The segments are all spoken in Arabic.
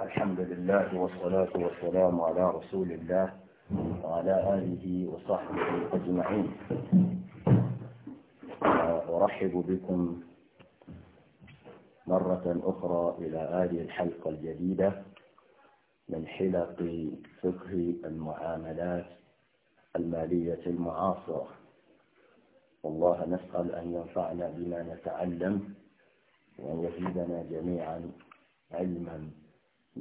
الحمد لله والصلاة والسلام على رسول الله وعلى آله وصحبه أجمعين أرحب بكم مرة أخرى إلى هذه الحلقة الجديدة من حلق فقه المعاملات المالية المعاصرة والله نسأل أن ينفعنا بما نتعلم وأن يزيدنا جميعا علما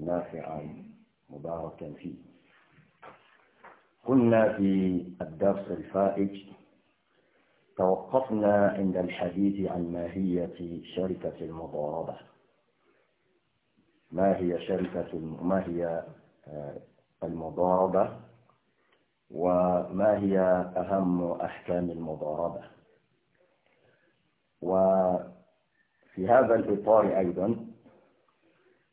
نافعا مباركا فيه كنا في الدرس الفائت توقفنا عند الحديث عن ماهية شركة المضاربة ما هي شركة ما هي آه، المضاربة وما هي أهم أحكام المضاربة وفي هذا الإطار أيضا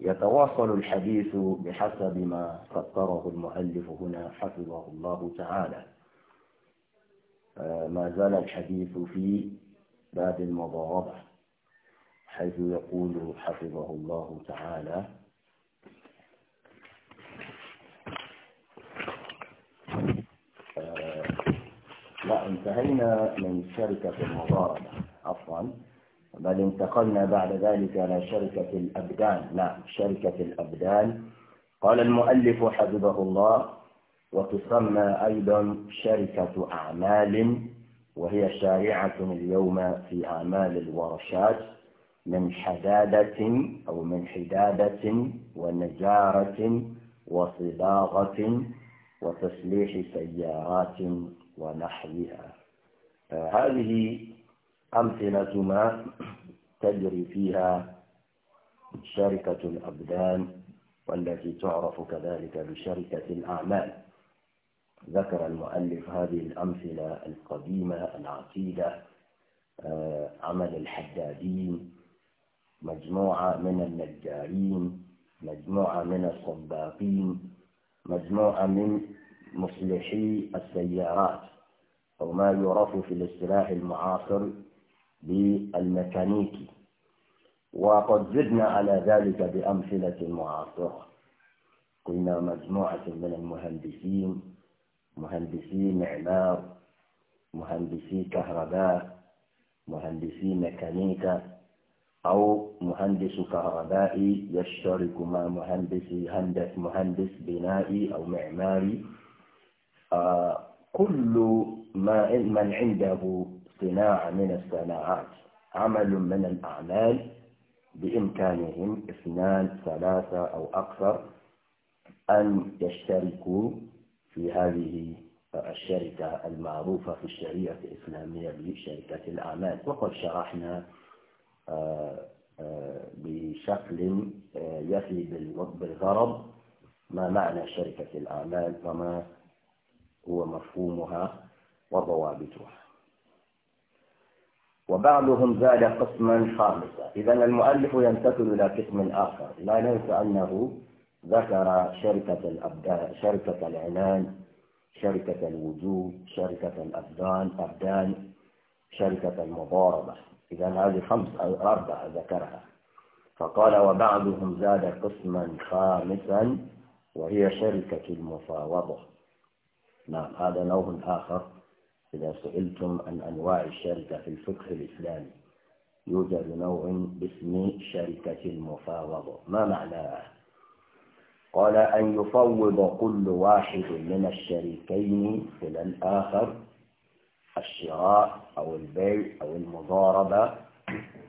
يتواصل الحديث بحسب ما فكره المؤلف هنا حفظه الله تعالى آه، ما زال الحديث في باب المضاربة حيث يقول حفظه الله تعالى آه، لا انتهينا من شركة المضاربة عفوا بل انتقلنا بعد ذلك على شركة الأبدان لا شركة الأبدان قال المؤلف حفظه الله وتسمى أيضا شركة أعمال وهي شائعة اليوم في أعمال الورشات من حدادة أو من حدادة ونجارة وصباغة وتسليح سيارات ونحوها آه، هذه أمثلة ما تجري فيها شركة الأبدان والتي تعرف كذلك بشركة الأعمال ذكر المؤلف هذه الأمثلة القديمة العقيدة آه، عمل الحدادين مجموعة من النجارين مجموعة من الصباقين مجموعة من مصلحي السيارات أو ما يعرف في الاصطلاح المعاصر بالميكانيكي وقد زدنا على ذلك بأمثلة معاصرة قلنا مجموعة من المهندسين مهندسي معمار مهندسي كهرباء مهندسي ميكانيكا أو مهندس كهربائي يشترك مع مهندس هندس مهندس بنائي أو معماري آه كل ما من عنده صناعة من الصناعات عمل من الأعمال بإمكانهم اثنان ثلاثة أو أكثر أن يشتركوا في هذه الشركة المعروفة في الشريعة الإسلامية بشركة الأعمال وقد شرحنا آه، آه، بشكل آه، يفي بالغرض ما معنى شركة الأعمال وما هو مفهومها وضوابطها وبعضهم زاد قسما خامسا إذا المؤلف ينتقل إلى قسم آخر لا ننسى أنه ذكر شركة الأبدان شركة العنان شركة الوجود شركة الأبدان أبدان شركة المضاربة إذا هذه خمس أو أربعة ذكرها فقال وبعضهم زاد قسما خامسا وهي شركة المفاوضة نعم هذا نوع آخر إذا سئلتم عن أنواع الشركة في الفقه الإسلامي يوجد نوع باسم شركة المفاوضة ما معناها؟ قال أن يفوض كل واحد من الشريكين إلى الآخر الشراء أو البيع أو المضاربة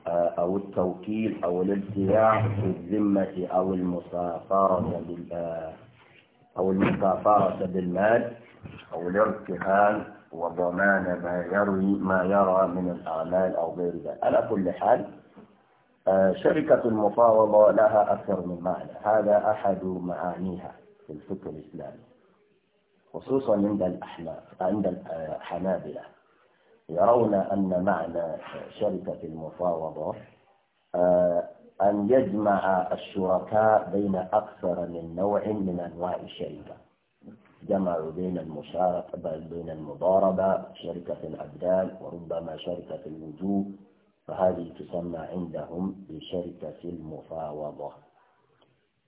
آه، أو التوكيل أو الابتياع في الذمة أو المسافرة آه، أو المسافرة بالمال أو الارتهان وضمان ما يروي ما يرى من الأعمال أو غير ذلك على كل حال آه، شركة المفاوضة لها أكثر من معنى هذا أحد معانيها في الفكر الإسلامي خصوصا عند الأحناف عند الحنابلة يرون أن معنى شركة المفاوضة آه، أن يجمع الشركاء بين أكثر من نوع من أنواع الشركة جمعوا بين المشاركة بين المضاربة شركة الأبدال وربما شركة الوجوه فهذه تسمى عندهم بشركة المفاوضة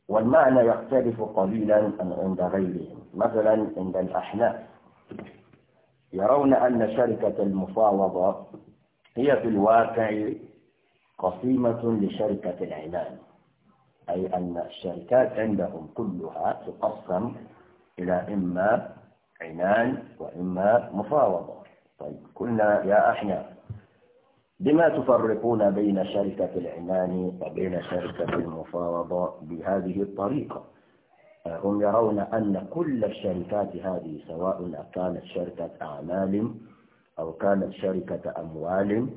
والمعنى يختلف قليلا عند غيرهم مثلا عند الأحناف يرون أن شركة المفاوضة هي في الواقع قسيمة لشركة العنان أي أن الشركات عندهم كلها تقسم إلى إما عنان وإما مفاوضة طيب قلنا يا أحنا بما تفرقون بين شركة العنان وبين شركة المفاوضة بهذه الطريقة هم يرون أن كل الشركات هذه سواء كانت شركة أعمال أو كانت شركة أموال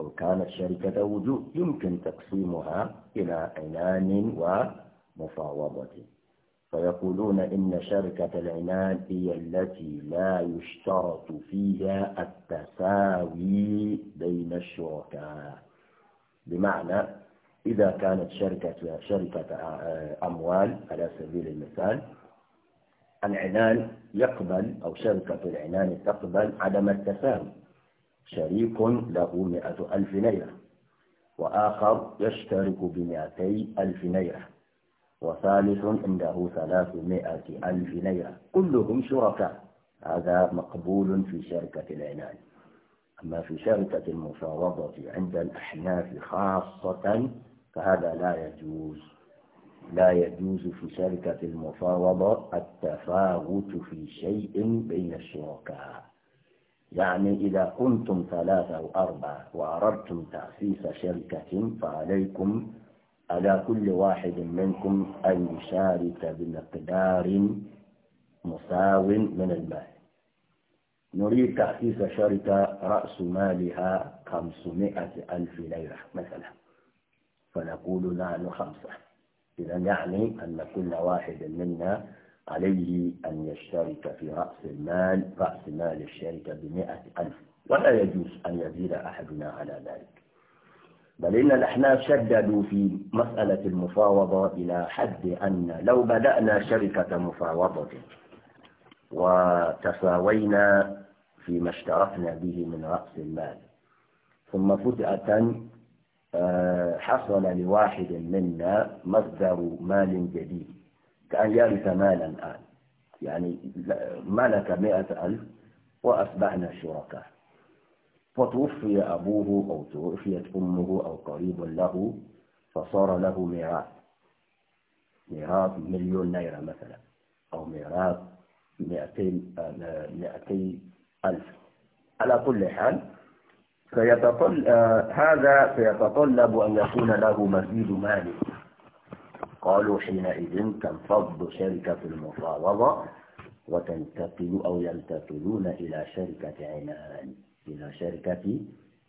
أو كانت شركة وجود يمكن تقسيمها إلى عنان ومفاوضة فيقولون إن شركة العناد هي التي لا يشترط فيها التساوي بين الشركاء بمعنى إذا كانت شركة شركة آه، أموال على سبيل المثال العنان يقبل أو شركة العنان تقبل عدم التساوي شريك له مئة ألف ليرة وآخر يشترك بمئتي ألف ليرة وثالث عنده ثلاثمائة ألف ليرة كلهم شركاء هذا مقبول في شركة العنان أما في شركة المفاوضة عند الأحناف خاصة فهذا لا يجوز لا يجوز في شركة المفاوضة التفاوت في شيء بين الشركاء يعني إذا كنتم ثلاثة أو أربعة وأردتم تأسيس شركة فعليكم على كل واحد منكم أن يشارك بمقدار مساو من المال نريد تخصيص شركة رأس مالها خمسمائة ألف ليرة مثلا فنقول نحن خمسة إذا يعني أن كل واحد منا عليه أن يشترك في رأس المال رأس مال الشركة بمائة ألف ولا يجوز أن يزيد أحدنا على ذلك بل إن الأحناف شددوا في مسألة المفاوضة إلى حد أن لو بدأنا شركة مفاوضة وتساوينا فيما اشتركنا به من رأس المال ثم فجأة آه، حصل لواحد منا مصدر مال جديد كأن يرث مالا الآن يعني ملك مئة ألف وأصبحنا شركاء فتوفي أبوه أو توفيت أمه أو قريب له فصار له ميراث ميراث مليون ليرة مثلا أو ميراث مئتي ألف على كل حال فيتطل هذا فيتطلب أن يكون له مزيد مال قالوا حينئذ تنفض شركة المفاوضة وتنتقل أو ينتقلون إلى شركة عنان إلى شركتي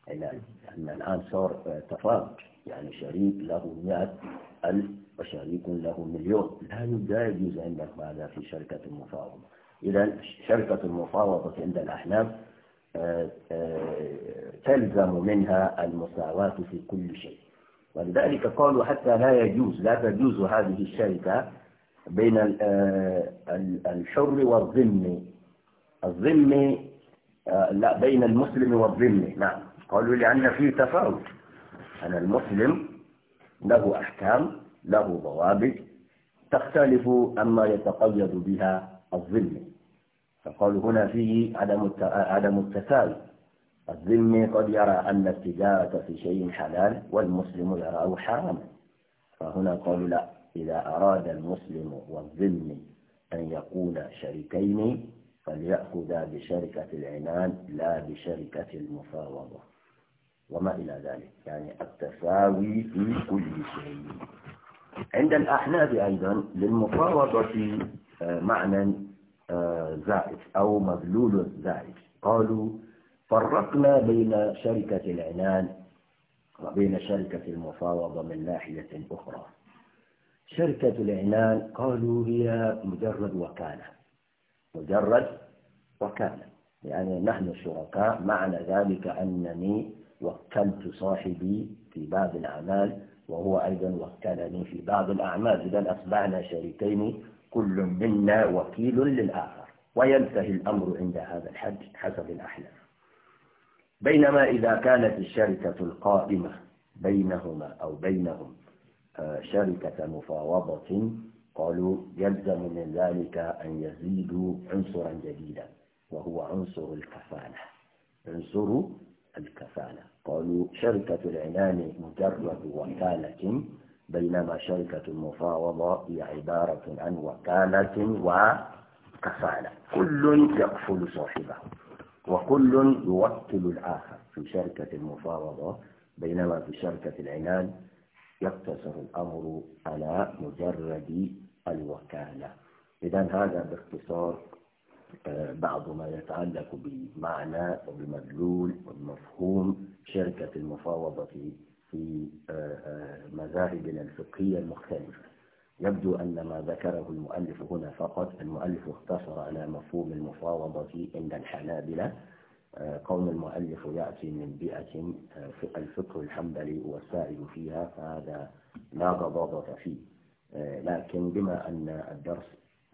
علاج لأن الآن صار تفاوت يعني شريك له 100000 وشريك له مليون لا يجوز عندك هذا في شركة المفاوضة إذا شركة المفاوضة عند الأحناف آه، آه، تلزم منها المساواة في كل شيء ولذلك قالوا حتى لا يجوز لا تجوز هذه الشركة بين آه، الحر والظلم الظلم آه، لا بين المسلم والظلمي نعم قالوا لأن فيه تفاوت أن المسلم له أحكام له ضوابط تختلف عما يتقيد بها الظلم فقالوا هنا فيه عدم عدم التساوي الذمي قد يرى أن التجارة في شيء حلال والمسلم يراه حراما فهنا قالوا لا إذا أراد المسلم والظلم أن يكون شريكين فليأخذ بشركة العنان لا بشركة المفاوضة وما إلى ذلك يعني التساوي في كل شيء عند الأحناف أيضا للمفاوضة آه، معنى آه، زائد أو مدلول زائد قالوا فرقنا بين شركة العنان وبين شركة المفاوضة من ناحية أخرى شركة العنان قالوا هي مجرد وكالة مجرد وكالة يعني نحن شركاء معنى ذلك أنني وكلت صاحبي في بعض الأعمال وهو أيضا وكلني في بعض الأعمال إذا أصبحنا شريكين كل منا وكيل للآخر وينتهي الأمر عند هذا الحد حسب الأحلام بينما إذا كانت الشركة القائمة بينهما أو بينهم آه، شركة مفاوضة قالوا يلزم من ذلك أن يزيدوا عنصرا جديدا وهو عنصر الكفالة عنصر الكفالة قالوا شركة العنان مجرد وكالة بينما شركة المفاوضة هي عبارة عن وكالة وكفالة كل يقفل صاحبه وكل يوكل الآخر في شركة المفاوضة بينما في شركة العنان يقتصر الأمر على مجرد الوكالة إذا هذا باختصار آه، بعض ما يتعلق بمعنى وبمدلول والمفهوم شركة المفاوضة في آه، آه، مذاهبنا الفقهية المختلفة يبدو أن ما ذكره المؤلف هنا فقط المؤلف اختصر على مفهوم المفاوضة عند الحنابلة قوم المؤلف يأتي من بيئة الفقه الحنبلي والسائل فيها فهذا لا غضاضة فيه آه، لكن بما أن الدرس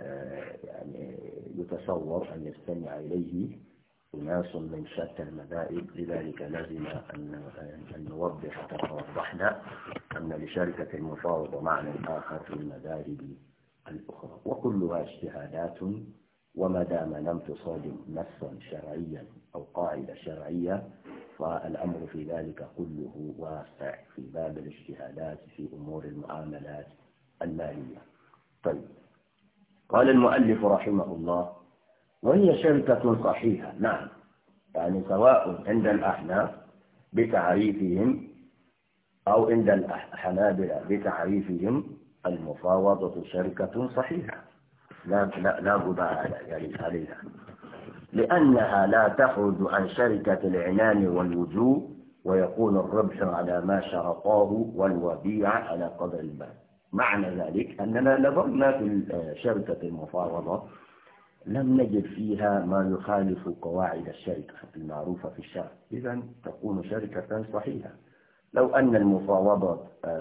آه، يعني يتصور أن يستمع إليه أناس من شتى المذاهب لذلك لازم أن نوضح وضحنا أن لشركة المفاوضة معنى آخر في المذاهب الأخرى وكلها اجتهادات وما دام لم تصادم نصا شرعيا أو قاعدة شرعية فالأمر في ذلك كله واسع في باب الاجتهادات في أمور المعاملات المالية طيب قال المؤلف رحمه الله وهي شركة صحيحة نعم يعني سواء عند الأحناف بتعريفهم أو عند الحنابلة بتعريفهم المفاوضة شركة صحيحة لا لا لا بد يعني عليها لأنها لا تخرج عن شركة العنان والوجوه ويكون الربح على ما شرطاه والوديع على قدر المال معنى ذلك أننا نظرنا في شركة المفاوضة لم نجد فيها ما يخالف قواعد الشركة المعروفة في الشرع إذا تكون شركة صحيحة لو أن المفاوضة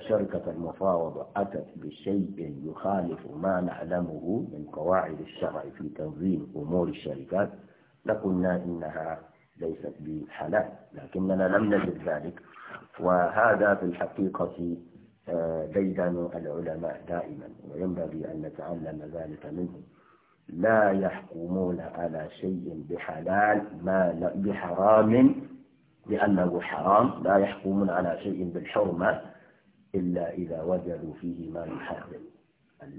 شركة المفاوضة أتت بشيء يخالف ما نعلمه من قواعد الشرع في تنظيم أمور الشركات لقلنا إنها ليست بحلال لكننا لم نجد ذلك وهذا في الحقيقة ديدن العلماء دائما وينبغي أن نتعلم ذلك منهم لا يحكمون على شيء بحلال ما بحرام لأنه حرام لا يحكمون على شيء بالحرمة إلا إذا وجدوا فيه ما يحرم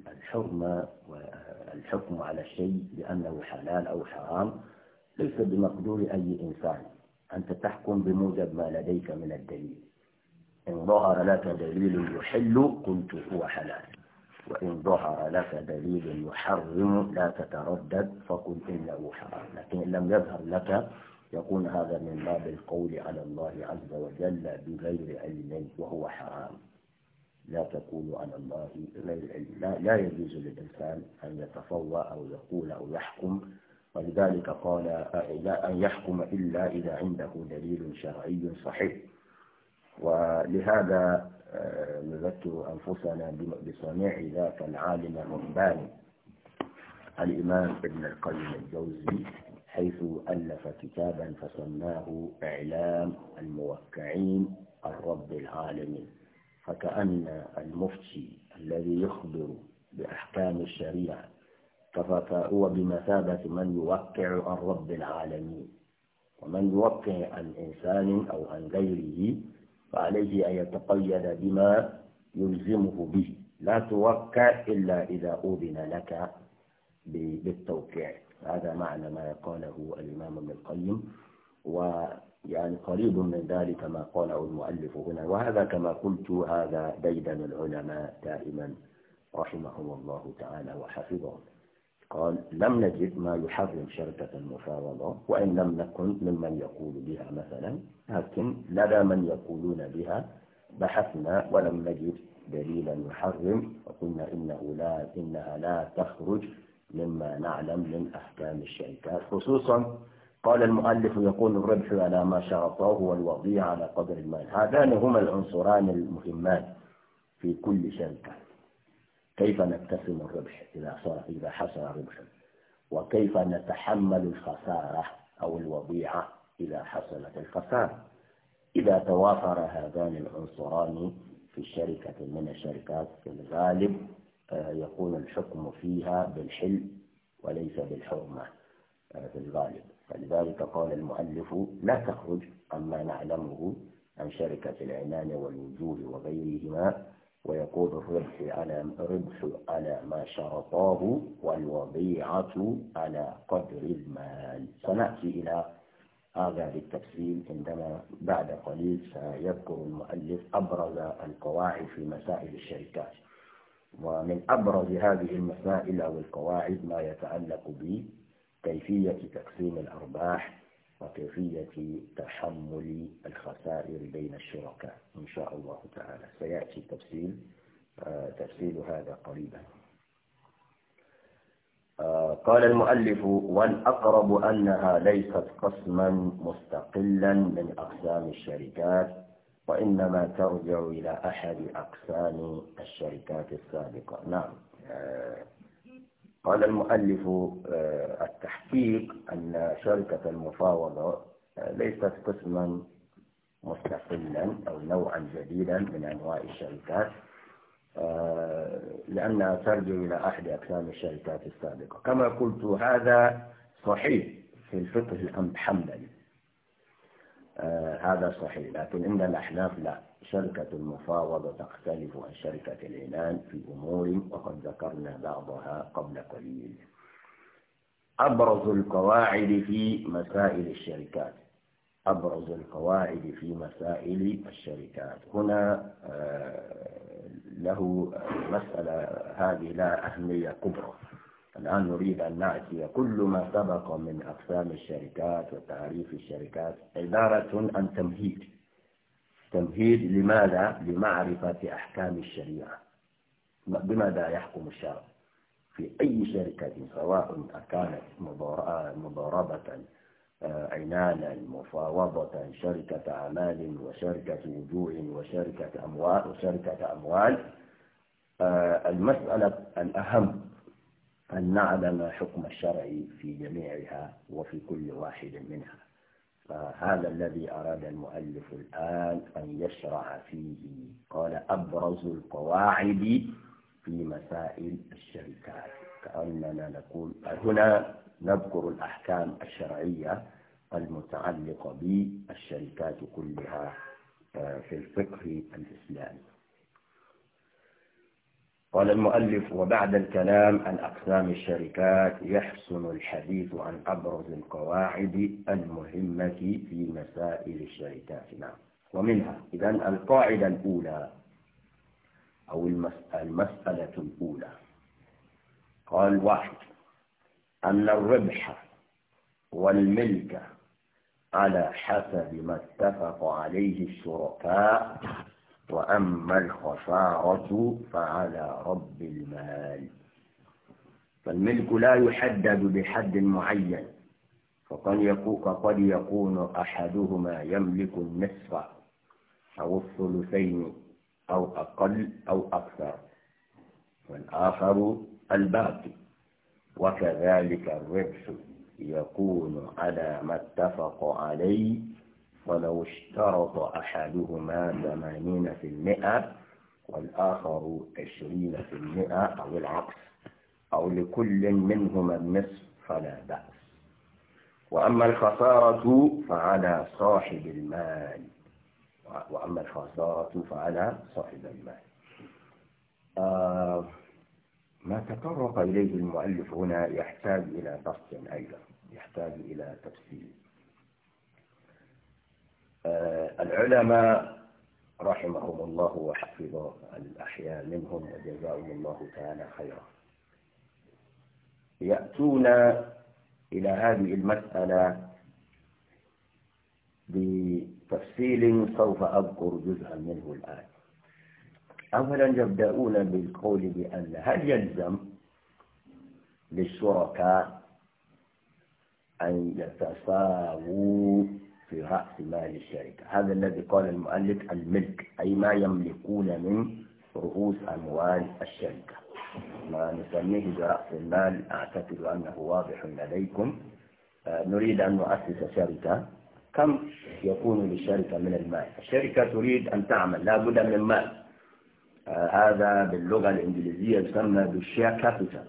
الحرمة والحكم على الشيء لأنه حلال أو حرام ليس بمقدور أي إنسان أنت تحكم بموجب ما لديك من الدليل إن ظهر لك دليل يحل قلت هو حلال وإن ظهر لك دليل يحرم لا تتردد فقل إنه حرام لكن إن لم يظهر لك يكون هذا من باب القول على الله عز وجل بغير علم وهو حرام لا تقول على الله غير علم لا, لا يجوز للإنسان أن يتفوى أو يقول أو يحكم ولذلك قال أن يحكم إلا إذا عنده دليل شرعي صحيح ولهذا نذكر آه، أنفسنا بصنع ذاك العالم الرهبان الإمام ابن القيم الجوزي حيث ألف كتابا فسماه إعلام الموقعين الرب العالمين فكأن المفتي الذي يخبر بأحكام الشريعة فهو بمثابة من يوقع عن رب العالمين ومن يوقع عن إنسان أو عن غيره فعليه أن يتقيد بما يلزمه به لا توكى إلا إذا أذن لك بالتوقيع هذا معنى ما قاله الإمام ابن القيم ويعني قريب من ذلك ما قاله المؤلف هنا وهذا كما قلت هذا ديدن العلماء دائما رحمهم الله تعالى وحفظهم قال لم نجد ما يحرم شركة المفاوضة وإن لم نكن ممن يقول بها مثلا لكن لدى من يقولون بها بحثنا ولم نجد دليلا يحرم وقلنا إنه لا إنها لا تخرج مما نعلم من أحكام الشركات خصوصا قال المؤلف يكون الربح على ما شرطاه والوضيع على قدر المال هذان هما العنصران المهمان في كل شركة كيف نبتسم الربح إذا صار إذا حصل ربح وكيف نتحمل الخسارة أو الوضيعة إذا حصلت الخسارة إذا توافر هذان العنصران في شركة من الشركات في الغالب آه، يكون الحكم فيها بالحل وليس بالحرمة آه، في الغالب فلذلك قال المؤلف لا تخرج عما نعلمه عن شركة العنان والوجوه وغيرهما ويقول الربح على ربح على ما شرطاه والوضيعة على قدر المال سنأتي إلى هذا بالتفصيل عندما بعد قليل سيذكر المؤلف أبرز القواعد في مسائل الشركات ومن أبرز هذه المسائل أو القواعد ما يتعلق بكيفية تقسيم الأرباح وكيفية تحمل الخسائر بين الشركاء إن شاء الله تعالى سيأتي تفصيل آه، تفصيل هذا قريبا آه، قال المؤلف والأقرب أنها ليست قسما مستقلا من أقسام الشركات وإنما ترجع إلى أحد أقسام الشركات السابقة نعم آه، قال المؤلف آه، التحقيق أن شركة المفاوضة آه، ليست قسما مستقلا أو نوعا جديدا من أنواع الشركات آه، لأنها ترجع إلى أحد أقسام الشركات السابقة كما قلت هذا صحيح في الفقه الحمدلي آه، هذا صحيح لكن إن الأحناف لا شركة المفاوضة تختلف عن شركة العنان في أمور وقد ذكرنا بعضها قبل قليل أبرز القواعد في مسائل الشركات أبرز القواعد في مسائل الشركات هنا آه، له مسألة هذه لا أهمية كبرى الآن نريد أن نأتي كل ما سبق من أقسام الشركات وتعريف الشركات عبارة عن تمهيد تمهيد لماذا؟ لمعرفة أحكام الشريعة بماذا يحكم الشرع في أي شركة سواء أكانت مضاربة آه، عنانا مفاوضة شركة أعمال وشركة وجوه وشركة أموال وشركة أموال آه، المسألة الأهم أن نعلم حكم الشرع في جميعها وفي كل واحد منها فهذا الذي أراد المؤلف الآن أن يشرع فيه قال أبرز القواعد في مسائل الشركات كأننا نقول هنا نذكر الأحكام الشرعية المتعلقة بالشركات كلها آه، في الفقه الإسلامي قال المؤلف وبعد الكلام عن أقسام الشركات يحسن الحديث عن أبرز القواعد المهمة في مسائل الشركات نعم ومنها إذا القاعدة الأولى أو المسألة الأولى قال واحد أن الربح والملك على حسب ما اتفق عليه الشركاء وأما الخسارة فعلى رب المال فالملك لا يحدد بحد معين فقد يكون, يكون أحدهما يملك النصف أو الثلثين أو أقل أو أكثر والآخر الباقي وكذلك الربح يكون على ما اتفق عليه ولو اشترط أحدهما ثمانين في المئة والآخر عشرين في المئة أو العكس أو لكل منهما النصف فلا بأس وأما الخسارة فعلى صاحب المال وأما الخسارة فعلى صاحب المال آه ما تطرق إليه المؤلف هنا يحتاج إلى بسط أيضا يحتاج إلى تفصيل العلماء رحمهم الله وحفظ الأحياء منهم وجزاهم الله تعالى خيرا يأتون إلى هذه المسألة بتفصيل سوف أذكر جزءا منه الآن أولا يبدأون بالقول بأن هل يلزم للشركاء أن يتساووا في رأس مال الشركة هذا الذي قال المؤلف الملك أي ما يملكون من رؤوس أموال الشركة ما نسميه برأس المال أعتقد أنه واضح لديكم آه، نريد أن نؤسس شركة كم يكون للشركة من المال الشركة تريد أن تعمل لا بد من مال آه، هذا باللغة الإنجليزية يسمى بالشير كابيتال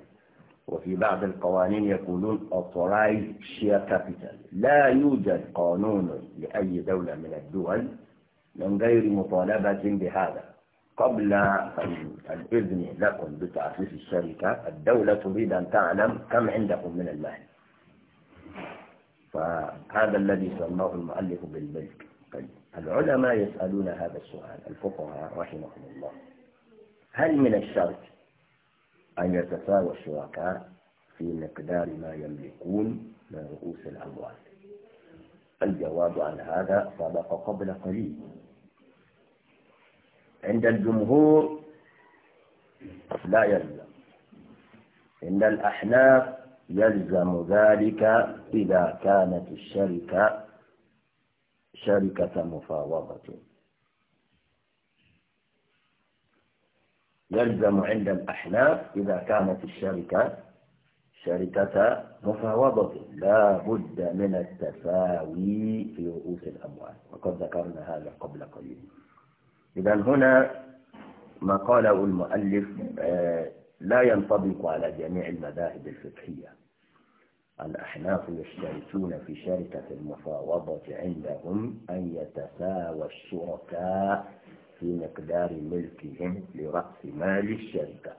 وفي بعض القوانين يقولون authorized share capital لا يوجد قانون لأي دولة من الدول من غير مطالبة بهذا قبل الإذن لكم بتأسيس الشركة الدولة تريد أن تعلم كم عندكم من المال فهذا الذي سماه المؤلف بالملك طيب، العلماء يسألون هذا السؤال الفقهاء رحمهم الله هل من الشرط أن يتساوى الشركاء في مقدار ما يملكون من رؤوس الأموال الجواب عن هذا سبق قبل قليل عند الجمهور لا يلزم عند الأحناف يلزم ذلك إذا كانت الشركة شركة مفاوضة يلزم عند الأحناف إذا كانت الشركة شركة مفاوضة لا بد من التساوي في رؤوس الأموال وقد ذكرنا هذا قبل قليل إذا هنا ما قاله المؤلف آه، لا ينطبق على جميع المذاهب الفقهية الأحناف يشترطون في شركة المفاوضة عندهم أن يتساوى الشركاء في مقدار ملكهم لرأس مال الشركة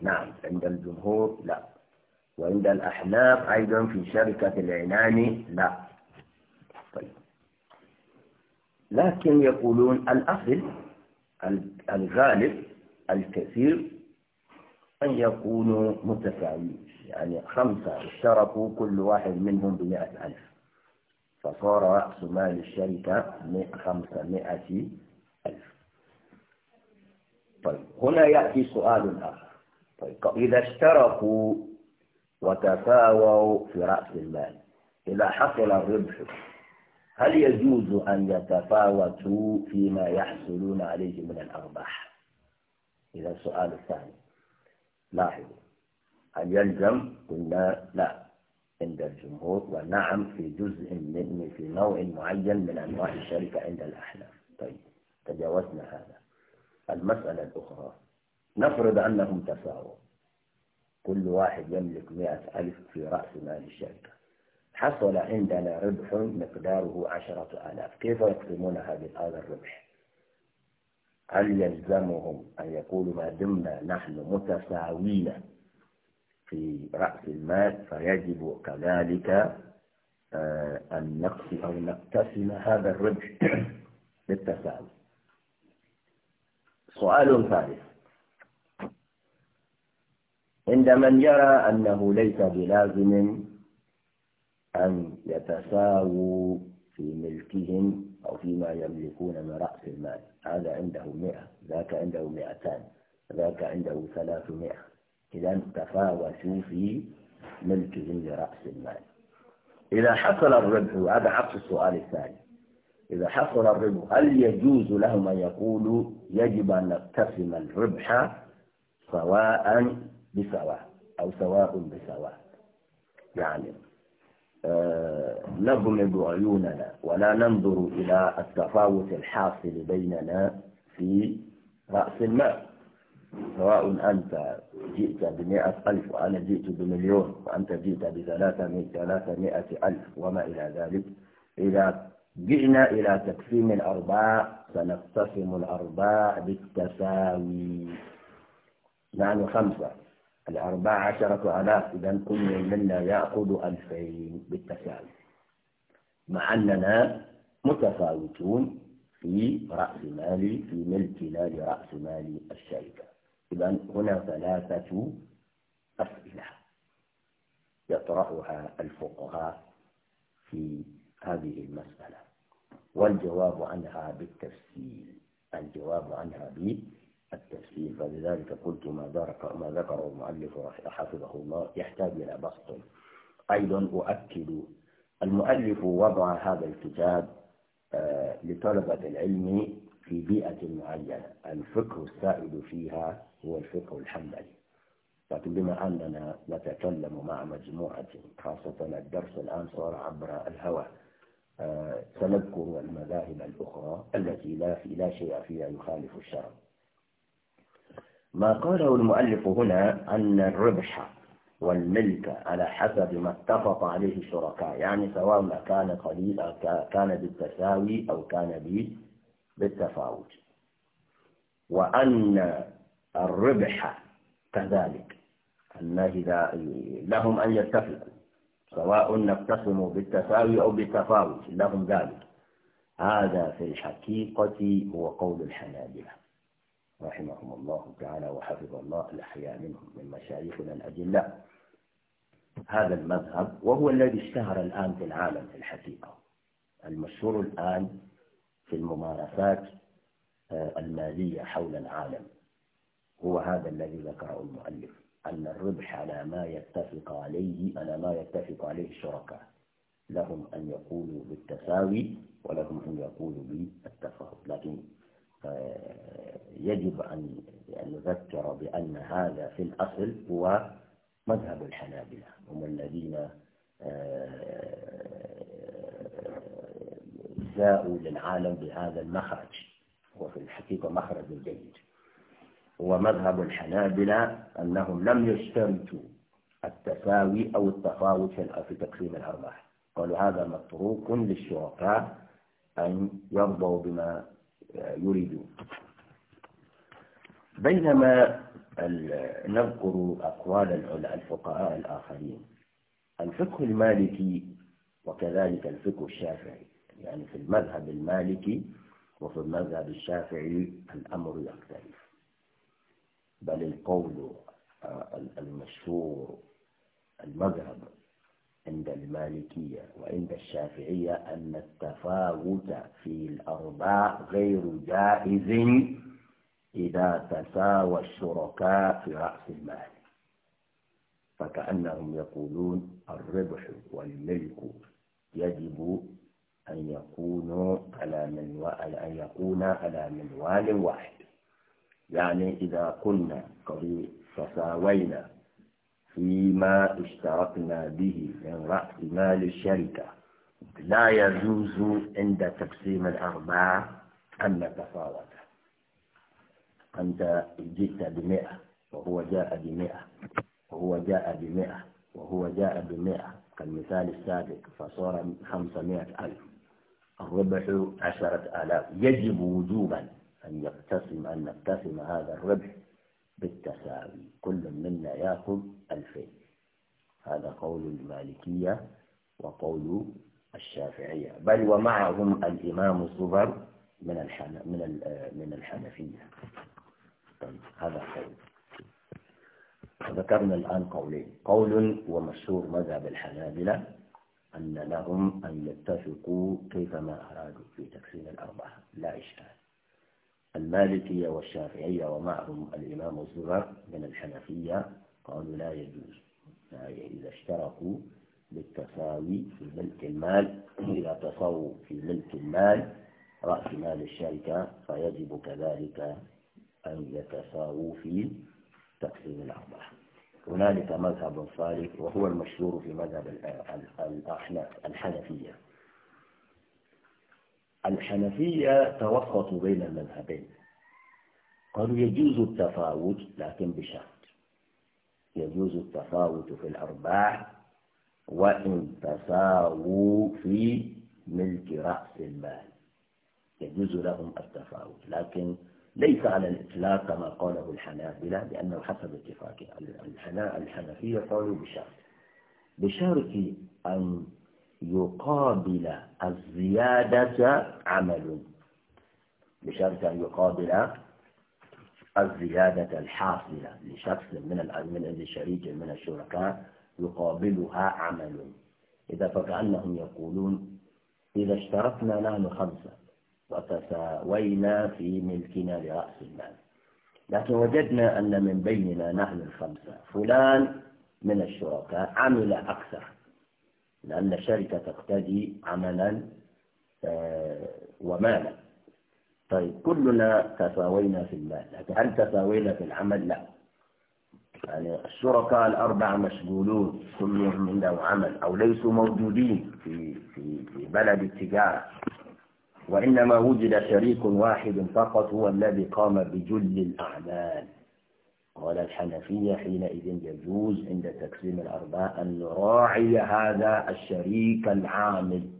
نعم عند الجمهور لا وعند الأحناف أيضا في شركة العنان لا طيب لكن يقولون الأصل الغالب الكثير أن يكونوا متساويين يعني خمسة اشتركوا كل واحد منهم بمئة ألف فصار رأس مال الشركة خمسمائة طيب هنا يأتي سؤال آخر طيب إذا اشتركوا وتساووا في رأس المال إذا حصل الربح هل يجوز أن يتفاوتوا فيما يحصلون عليه من الأرباح إذا السؤال الثاني لاحظوا هل يلزم قلنا لا عند الجمهور ونعم في جزء من في نوع معين من أنواع الشركة عند الأحلام طيب تجاوزنا هذا المسألة الأخرى نفرض أنهم تساووا كل واحد يملك مئة ألف في رأس مال الشركة حصل عندنا ربح مقداره عشرة آلاف كيف يقسمون هذا الربح هل يلزمهم أن يقولوا ما دمنا نحن متساوين في رأس المال فيجب كذلك آه، أن نقسم أو نقتسم هذا الربح بالتساوي سؤال ثالث عند من يرى أنه ليس بلازم أن يتساووا في ملكهم أو فيما يملكون من رأس المال هذا عنده مئة ذاك عنده مئتان ذاك عنده ثلاثمائة إذا تفاوتوا في ملكهم لرأس المال إذا حصل الربح هذا عكس السؤال الثاني إذا حصل الربح هل يجوز لهم أن يقولوا يجب أن نقتسم الربح سواء بسواء أو سواء بسواء يعني آه نغمض عيوننا ولا ننظر إلى التفاوت الحاصل بيننا في رأس المال سواء أنت جئت بمئة ألف وأنا جئت بمليون وأنت جئت بثلاثمائة ألف وما إلى ذلك إذا جئنا إلى تقسيم الأرباع سنقتسم الأرباع بالتساوي نحن خمسة الأربع عشرة آلاف إذا كل منا يأخذ ألفين بالتساوي مع أننا متفاوتون في رأس مالي في ملكنا لرأس مال الشركة إذا هنا ثلاثة أسئلة يطرحها الفقهاء في هذه المسألة والجواب عنها بالتفصيل الجواب عنها بالتفصيل فلذلك قلت ما ذكر ما ذكره المؤلف حفظه الله يحتاج إلى بسط أيضا أؤكد المؤلف وضع هذا الكتاب آه، لطلبة العلم في بيئة معينة الفقه السائد فيها هو الفقه الحنبلي لكن بما أننا نتكلم مع مجموعة خاصة الدرس الآن صار عبر الهواء سنذكر المذاهب الأخرى التي لا, في لا شيء فيها يخالف الشرع ما قاله المؤلف هنا أن الربح والملك على حسب ما اتفق عليه الشركاء يعني سواء كان قليل أو كان بالتساوي أو كان بالتفاوت وأن الربح كذلك أن إذا لهم أن يتفقوا سواء نقتسم بالتساوي أو بالتفاوت لهم ذلك هذا في الحقيقة هو قول الحنابلة رحمهم الله تعالى وحفظ الله الأحياء منهم من مشايخنا الأجلاء هذا المذهب وهو الذي اشتهر الآن في العالم في الحقيقة المشهور الآن في الممارسات آه، المالية حول العالم هو هذا الذي ذكره المؤلف أن الربح على ما يتفق عليه على ما يتفق عليه الشركاء لهم أن يقولوا بالتساوي ولهم أن يقولوا بالتفاوت لكن آه، يجب أن نذكر بأن هذا في الأصل هو مذهب الحنابلة هم الذين آه، جاءوا للعالم بهذا المخرج وفي الحقيقة مخرج جيد هو مذهب الحنابلة أنهم لم يشترطوا التساوي أو التفاوت في تقسيم الأرباح قالوا هذا متروك للشركاء أن يرضوا بما يريدون بينما نذكر أقوال الفقهاء الآخرين الفقه المالكي وكذلك الفقه الشافعي يعني في المذهب المالكي وفي المذهب الشافعي الأمر يختلف بل القول آه، المشهور المذهب عند المالكية وعند الشافعية أن التفاوت في الأرباع غير جائز إذا تساوى الشركاء في رأس المال فكأنهم يقولون الربح والملك يجب أن يكون على منوال أن يكون على منوال واحد يعني إذا كنا قد تساوينا فيما اشتركنا به من رأس مال الشركة لا يجوز عند تقسيم الأرباح أن نتفاوت أنت جئت بمئة وهو جاء بمئة وهو جاء بمئة وهو جاء بمئة كالمثال السابق فصار خمسمائة ألف الربح عشرة آلاف يجب وجوبا أن يقتسم أن نقتسم هذا الربح بالتساوي كل منا يأخذ ألفين هذا قول المالكية وقول الشافعية بل ومعهم الإمام الزبر من الحن من من الحنفية طيب هذا قول ذكرنا الآن قولين قول ومشهور مذهب الحنابلة أن لهم أن يتفقوا كيفما أرادوا في تقسيم الأرباح لا إشكال المالكية والشافعية ومعهم الإمام الزهر من الحنفية قالوا لا يجوز إذا اشتركوا بالتساوي في ملك المال إذا تساووا في ملك المال رأس مال الشركة فيجب كذلك أن يتساووا في تقسيم الأرباح هنالك مذهب ثالث وهو المشهور في مذهب الأحناف الحنفية الحنفية توسطوا بين المذهبين قالوا يجوز التفاوت لكن بشرط يجوز التفاوت في الأرباح وإن تساووا في ملك رأس المال يجوز لهم التفاوت لكن ليس على الإطلاق كما قاله الحنابلة لأنه حسب اتفاقه الحنفية قالوا بشرط بشرط أن يقابل الزيادة عمل بشرط أن يقابل الزيادة الحاصلة لشخص من من لشريك من الشركاء يقابلها عمل إذا فكأنهم يقولون إذا اشتركنا نحن خمسة وتساوينا في ملكنا لرأس المال لكن وجدنا أن من بيننا نحن الخمسة فلان من الشركاء عمل أكثر لأن الشركة تقتدي عملا آه، ومالا طيب كلنا تساوينا في المال لكن هل تساوينا في العمل لا يعني الشركاء الأربعة مشغولون كلهم عندهم عمل أو ليسوا موجودين في في في بلد التجارة وإنما وجد شريك واحد فقط هو الذي قام بجل الأعمال قال الحنفية حينئذ يجوز عند تقسيم الأرباح أن نراعي هذا الشريك العامل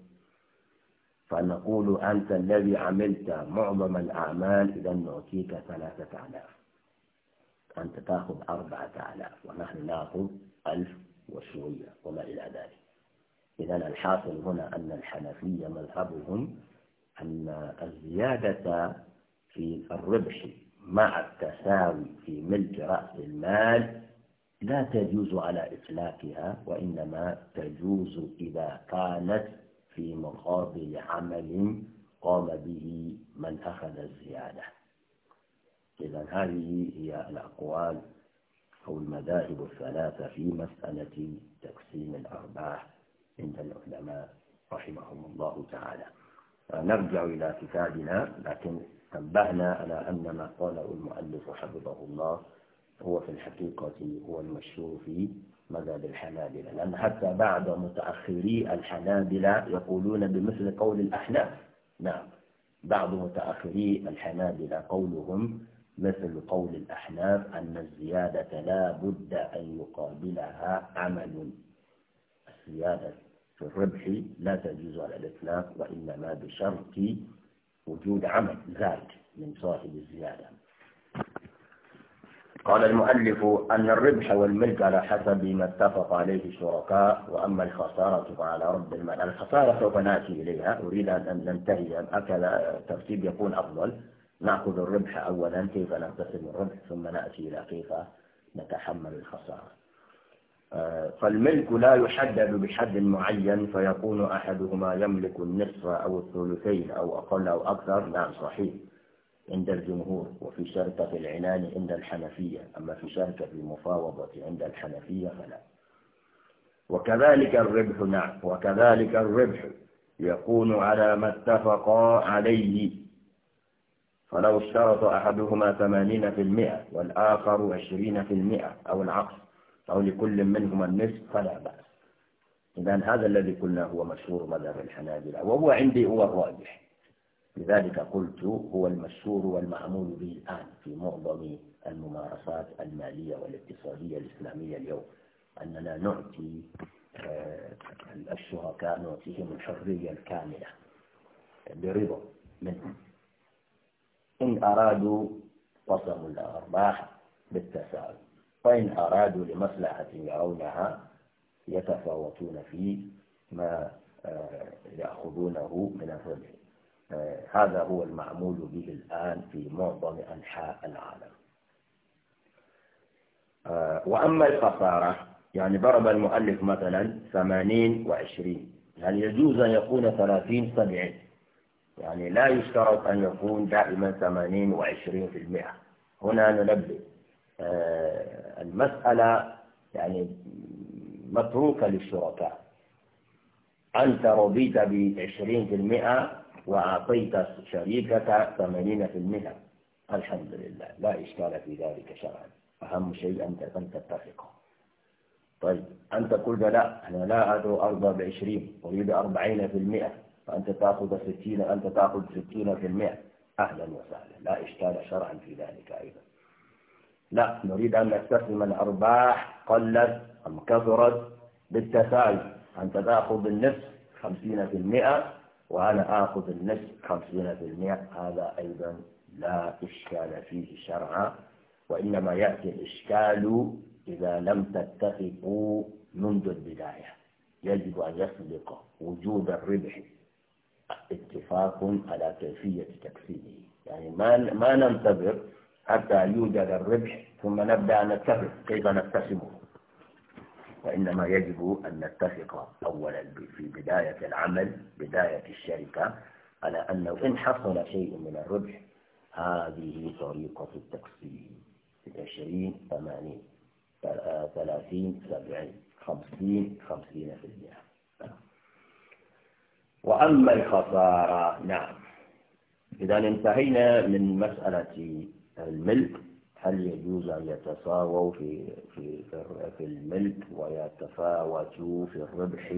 فنقول أنت الذي عملت معظم الأعمال إذا نعطيك ثلاثة آلاف أنت تأخذ أربعة آلاف ونحن نأخذ ألف وشوية وما إلى ذلك إذا الحاصل هنا أن الحنفية مذهبهم أن الزيادة في الربح مع التساوي في ملك رأس المال لا تجوز على إطلاقها وإنما تجوز إذا كانت في مقابل عمل قام به من أخذ الزيادة إذا هذه هي الأقوال أو المذاهب الثلاثة في مسألة تقسيم الأرباح عند العلماء رحمهم الله تعالى نرجع إلى كتابنا لكن نبهنا على أن ما قاله المؤلف حفظه الله هو في الحقيقة هو المشهور في مذهب الحنابلة لأن حتى بعد متأخري الحنابلة يقولون بمثل قول الأحناف نعم بعض متأخري الحنابلة قولهم مثل قول الأحناف أن الزيادة لا بد أن يقابلها عمل الزيادة في الربح لا تجوز على الإطلاق وإنما بشرط وجود عمل زاد من صاحب الزيادة قال المؤلف أن الربح والملك على حسب ما اتفق عليه الشركاء وأما الخسارة فعلى رب المال الخسارة سوف نأتي إليها أريد أن ننتهي هكذا ترتيب يكون أفضل نأخذ الربح أولا كيف نقتسم الربح ثم نأتي إلى كيف نتحمل الخسارة فالملك لا يحدد بحد معين فيكون أحدهما يملك النصف أو الثلثين أو أقل أو أكثر نعم صحيح عند الجمهور وفي شركة العنان عند الحنفية أما في شركة المفاوضة عند الحنفية فلا وكذلك الربح نعم وكذلك الربح يكون على ما اتفقا عليه فلو اشترط أحدهما ثمانين في المئة والآخر عشرين في المئة أو العكس أو لكل منهما النصف فلا بأس إذا هذا الذي قلنا هو مشهور مذهب الحنابلة وهو عندي هو الراجح لذلك قلت هو المشهور والمعمول به الآن في معظم الممارسات المالية والاقتصادية الإسلامية اليوم أننا نعطي آه، الشركاء نعطيهم الحرية الكاملة برضا منهم إن أرادوا قسموا الأرباح بالتساوي وإن أرادوا لمصلحة يرونها يتفاوتون في ما آه، يأخذونه من الربح آه، هذا هو المعمول به الآن في معظم أنحاء العالم آه، وأما الخسارة يعني ضرب المؤلف مثلا ثمانين وعشرين يعني يجوز أن يكون ثلاثين سبعين يعني لا يشترط أن يكون دائما ثمانين وعشرين في المئة هنا ننبه آه، المسألة يعني متروكة للشركاء أنت رضيت بعشرين في المئة وأعطيت شريكك ثمانين في المئة الحمد لله لا إشكال في ذلك شرعا أهم شيء أنت أن تتفق طيب أنت قلت لا أنا لا أرضى بعشرين أريد أربعين في المئة فأنت تأخذ ستين أنت تأخذ ستين في المئة أهلا وسهلا لا إشكال شرعا في ذلك أيضا لا نريد أن نستخدم الأرباح قلت أم كثرت بالتساوي أنت تأخذ النصف 50% وأنا آخذ النصف 50% هذا أيضا لا إشكال فيه شرعا وإنما يأتي الإشكال إذا لم تتفقوا منذ البداية يجب أن يسبق وجود الربح اتفاق على كيفية تكسيره يعني ما ما ننتظر حتى يوجد الربح ثم نبدأ نتفق كيف نكتسبه وإنما يجب أن نتفق أولا في بداية العمل بداية الشركة على أنه إن حصل شيء من الربح هذه طريقة التقسيم 20 80 30 70 50 50 في المئة وأما الخسارة نعم إذا انتهينا من مسألة الملك هل يجوز أن يتساووا في في في الملك ويتفاوتوا في الربح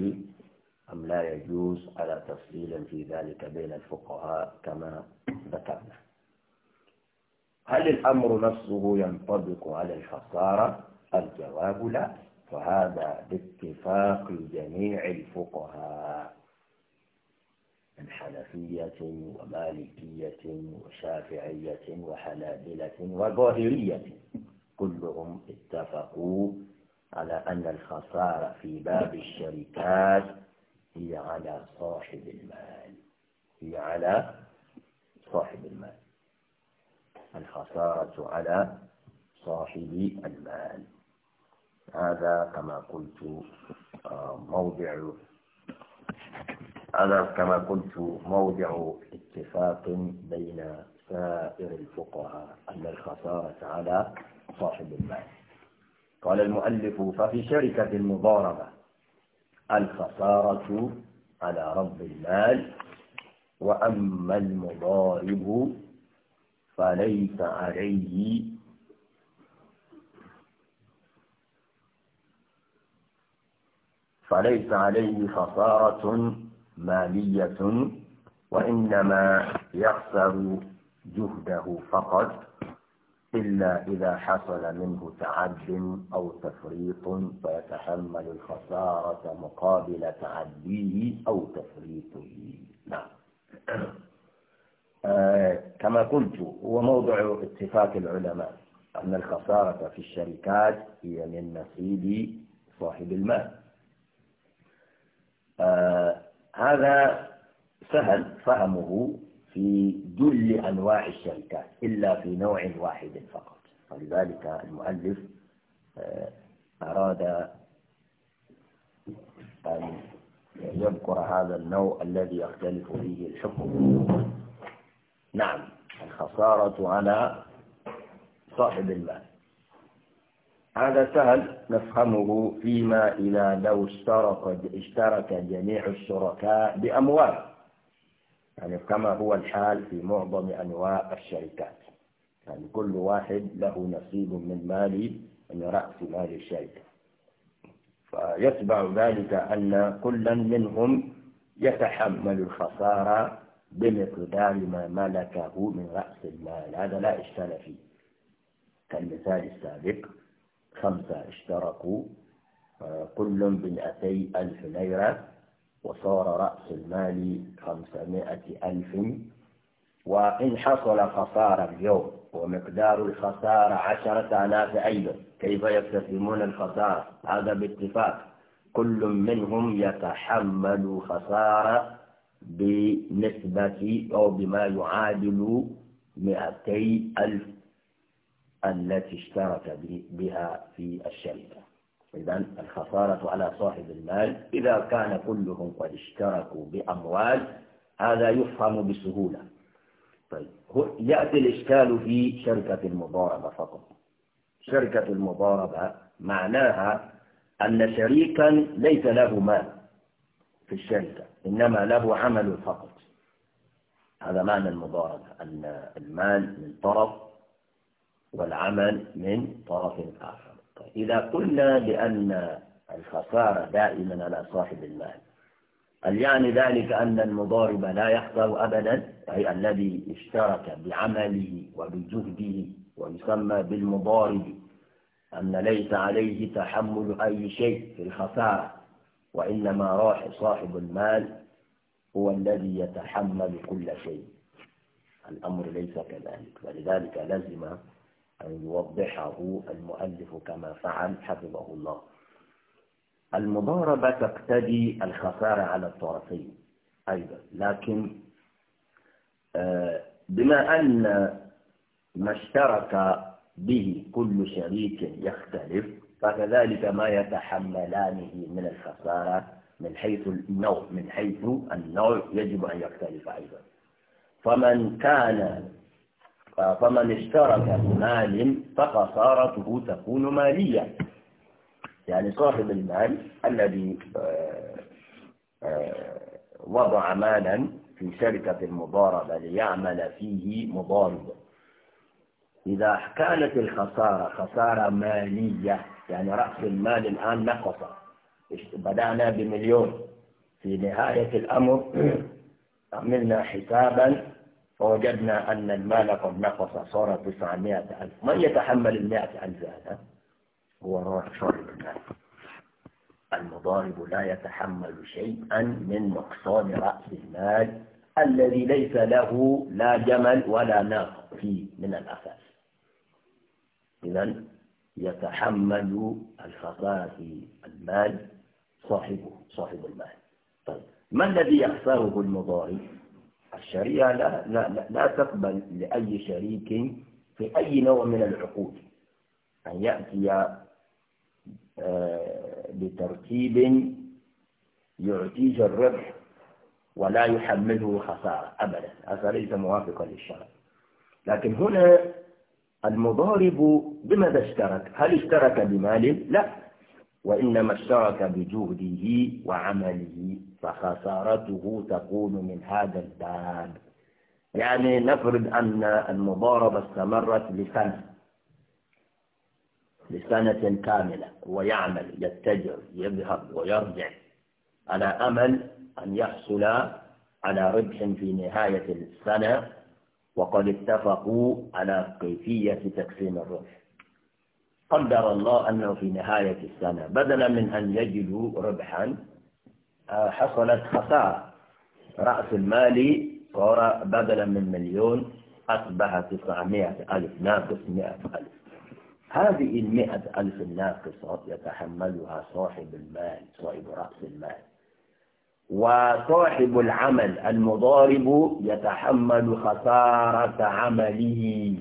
أم لا يجوز على تفصيل في ذلك بين الفقهاء كما ذكرنا هل الأمر نفسه ينطبق على الخسارة الجواب لا فهذا باتفاق جميع الفقهاء من حنفية ومالكية وشافعية وحنابلة وظاهرية كلهم اتفقوا على أن الخسارة في باب الشركات هي على صاحب المال هي على صاحب المال الخسارة على صاحب المال هذا كما قلت آه، موضع هذا كما قلت موضع اتفاق بين سائر الفقهاء أن الخسارة على صاحب المال قال المؤلف ففي شركة المضاربة الخسارة على رب المال وأما المضارب فليس عليه فليس عليه خسارة مالية وإنما يخسر جهده فقط إلا إذا حصل منه تعد أو تفريط فيتحمل الخسارة مقابل تعديه أو تفريطه نعم آه كما قلت هو موضع اتفاق العلماء أن الخسارة في الشركات هي من نصيب صاحب المال آه هذا سهل فهمه في جل أنواع الشركات إلا في نوع واحد فقط ولذلك المؤلف آه، أراد أن يذكر هذا النوع الذي يختلف فيه الحكم نعم الخسارة على صاحب المال هذا سهل نفهمه فيما إذا لو اشترك اشترك جميع الشركاء بأموال يعني كما هو الحال في معظم أنواع الشركات يعني كل واحد له نصيب من مال من رأس مال الشركة فيتبع ذلك أن كل منهم يتحمل الخسارة بمقدار ما ملكه من رأس المال هذا لا إشكال فيه كالمثال السابق خمسة اشتركوا آه، كل بمئتي ألف ليرة وصار رأس المال خمسمائة ألف وإن حصل خسارة اليوم ومقدار الخسارة عشرة آلاف أيضا كيف يكتسبون الخسارة هذا باتفاق كل منهم يتحمل خسارة بنسبة أو بما يعادل مئتي ألف التي اشترك بها في الشركة إذا الخسارة على صاحب المال إذا كان كلهم قد اشتركوا بأموال هذا يفهم بسهولة طيب يأتي الإشكال في شركة المضاربة فقط شركة المضاربة معناها أن شريكا ليس له مال في الشركة إنما له عمل فقط هذا معنى المضاربة أن المال من طرف والعمل من طرف آخر طيب، إذا قلنا بأن الخسارة دائما على صاحب المال هل يعني ذلك أن المضارب لا يخسر أبدا أي الذي اشترك بعمله وبجهده ويسمى بالمضارب أن ليس عليه تحمل أي شيء في الخسارة وإنما راح صاحب المال هو الذي يتحمل كل شيء الأمر ليس كذلك ولذلك لزم يوضحه المؤلف كما فعل حفظه الله المضاربة تقتدي الخسارة على الطرفين أيضا لكن آه، بما أن ما اشترك به كل شريك يختلف فكذلك ما يتحملانه من الخسارة من حيث النوع من حيث النوع يجب أن يختلف أيضا فمن كان فمن اشترك بمال فخسارته تكون مالية يعني صاحب المال الذي آه، آه، وضع مالا في شركة المضاربة ليعمل فيه مضارب إذا كانت الخسارة خسارة مالية يعني رأس المال الآن نقص بدأنا بمليون في نهاية الأمر عملنا حسابا فوجدنا أن المال قد نقص صار 900 ألف من يتحمل المئة ألف هذا هو راح المال المضارب لا يتحمل شيئا من نقصان رأس المال الذي ليس له لا جمل ولا ناق فيه من الأساس إذا يتحمل الخسارة في المال صاحبه صاحب المال طيب ما الذي يخسره المضارب الشريعة لا, لا, لا, لا تقبل لأي شريك في أي نوع من العقود أن يأتي آه، بترتيب يعطيه الربح ولا يحمله خسارة أبدا هذا ليس موافقا للشرع لكن هنا المضارب بماذا اشترك هل اشترك بمال لا وإنما اشترك بجهده وعمله فخسارته تكون من هذا الباب يعني نفرض أن المضاربة استمرت لسنة لسنة كاملة ويعمل يتجر يذهب ويرجع على أمل أن يحصل على ربح في نهاية السنة وقد اتفقوا على كيفية تقسيم الربح قدر الله أنه في نهاية السنة بدلا من أن يجدوا ربحا آه، حصلت خسارة رأس المال صار بدلا من مليون أصبح تسعمائة ألف ناقص مائة ألف هذه المائة ألف الناقصة يتحملها صاحب المال صاحب رأس المال وصاحب العمل المضارب يتحمل خسارة عمله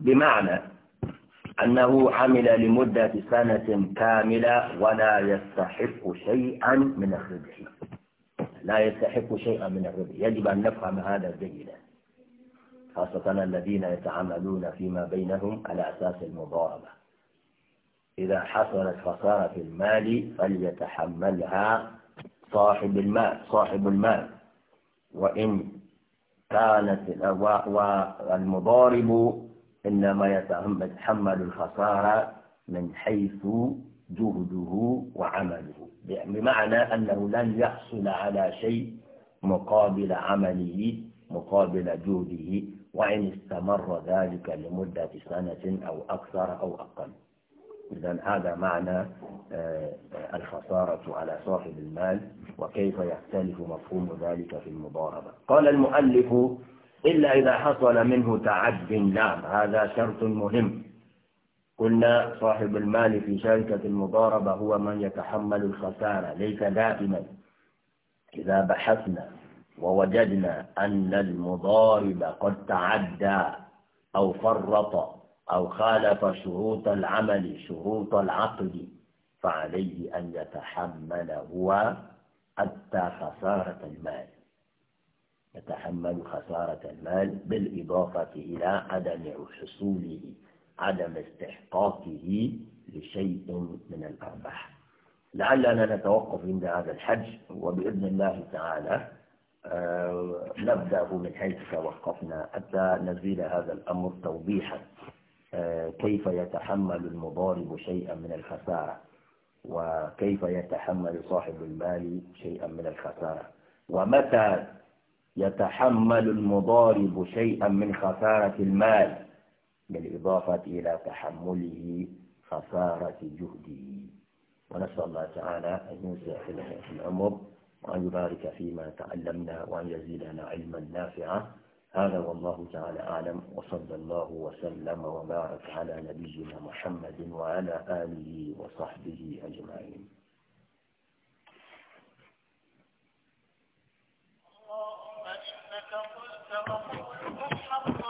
بمعنى أنه عمل لمدة سنة كاملة ولا يستحق شيئا من الربح لا يستحق شيئا من الربح يجب أن نفهم هذا جيدا خاصة الذين يتعاملون فيما بينهم على أساس المضاربة إذا حصلت خسارة في المال فليتحملها صاحب المال صاحب المال وإن كانت والمضارب إنما يتحمل الخسارة من حيث جهده وعمله بمعنى أنه لن يحصل على شيء مقابل عمله مقابل جهده وإن استمر ذلك لمدة سنة أو أكثر أو أقل إذا هذا معنى آه، الخسارة على صاحب المال وكيف يختلف مفهوم ذلك في المضاربة قال المؤلف إلا إذا حصل منه تعد نعم هذا شرط مهم قلنا صاحب المال في شركة المضاربة هو من يتحمل الخسارة ليس دائما إذا بحثنا ووجدنا أن المضارب قد تعدى أو فرط أو خالف شروط العمل شروط العقد فعليه أن يتحمل هو حتى خسارة المال يتحمل خسارة المال بالإضافة إلى عدم حصوله عدم استحقاقه لشيء من الأرباح لعلنا نتوقف عند هذا الحج وبإذن الله تعالى آه، نبدأ من حيث توقفنا حتى نزيل هذا الأمر توضيحا آه، كيف يتحمل المضارب شيئا من الخسارة وكيف يتحمل صاحب المال شيئا من الخسارة ومتى يتحمل المضارب شيئا من خسارة المال بالإضافة إلى تحمله خسارة جهده ونسأل الله تعالى أن ينزع في العمر وأن يبارك فيما تعلمنا وأن يزيدنا علما نافعا هذا والله تعالى أعلم وصلى الله وسلم وبارك على نبينا محمد وعلى آله وصحبه أجمعين